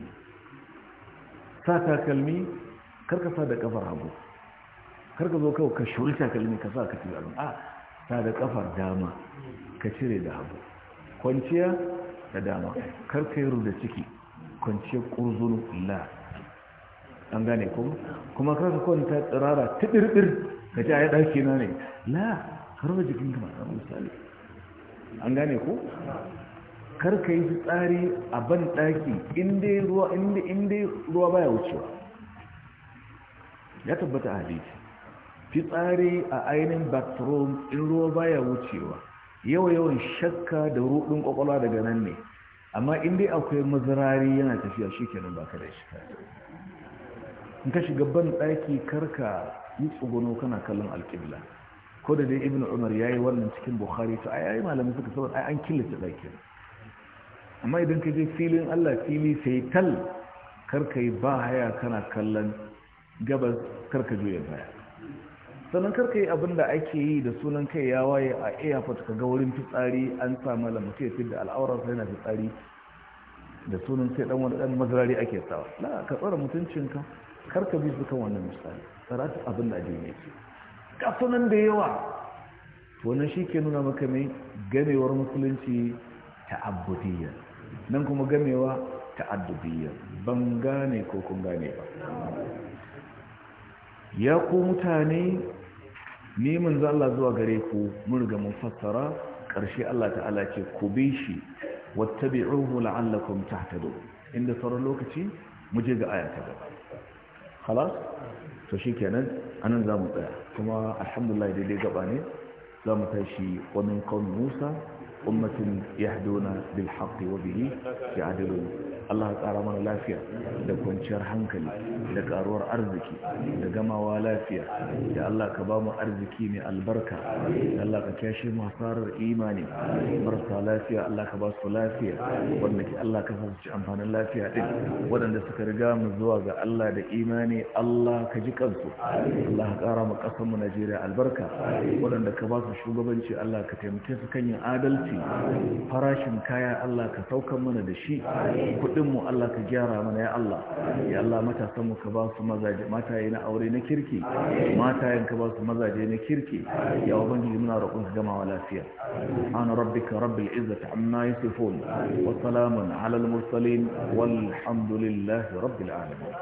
sa takalmi karkasa da kafar hagu kar ka zo kawai ka shulta kalmi ka sa ka fi abin a ta da kafar dama ka cire da hagu kwanciya da dama kar ka yi da ciki kwanciya ƙurzun la an gane kuma kuma kar ka kwanta tsirara tiɗirɗir ka ji a yi ɗaki na ne la har jikin ka masu misali an gane ko kar ka yi tsari a ban ɗaki inda ruwa baya wucewa ya tabbata a hadisi fitsari a ainihin bathroom in ruwa baya wucewa yawa yawan shakka da rudin kwakwalwa daga nan ne amma in dai akwai mazirari yana tafiya shi kenan ba ka da shi in ka shiga ban daki karka yi tsuguno kana kallon alƙibla ko da dai ibn umar ya yi wannan cikin bukhari to ai malamai suka saboda ai an killace daki amma idan ka je filin allah fili sai tal karka yi ba haya kana kallon gabas karka juya baya sannan karka yi abin da ake yi da sunan kai ya waye a airport ka ga wurin fitsari an samu lamuke fi da al'aurar sai na fitsari da sunan sai dan wani dan ake sawa na ka tsara mutuncinka karka bi su kan wannan misali tsara abin da addini yake ka sunan da yawa wannan shi ke nuna maka mai gamewar musulunci ta ta'abbudiyya nan kuma gamewa ta ta'addudiyya ban gane ko kun gane ba ya ku mutane neman za Allah zuwa gare ku mun riga mun fassara ƙarshe Allah ta'ala ce ku bi shi wattabi'uhu la'allakum tahtadun inda sauran lokaci mu je ga aya ba gaba خلاص to shikenan anan zamu tsaya kuma alhamdulillah daidai gaba ne zamu tashi wa min qawmi Musa ummatin yahduna bil haqqi wa bihi ya'dilun Allah ya kara mana lafiya da kwanciyar hankali da karuwar arziki da gamawa lafiya da Allah ka ba mu arziki mai albarka da Allah ka kyashe mu imani marasa lafiya Allah ka ba su lafiya wanda ke Allah ka sa amfanin lafiya din waɗanda suka riga mu zuwa ga Allah da imani Allah ka ji kansu Allah ka ƙara mu ƙasar mu Najeriya albarka waɗanda ka ba su shugabanci Allah ka taimake su kan yin adalci farashin kaya Allah ka sauka mana da shi mu Allah ka gyara mana ya Allah ya Allah matasanmu ka ba su mazaje mataye na aure na kirki matayen ka ba su mazaje na kirki ya ubangiji muna roƙon ka gama wa lafiya ana rabbika rabbil izzati amma yasifun wa salamun ala al mursalin walhamdulillahi rabbil alamin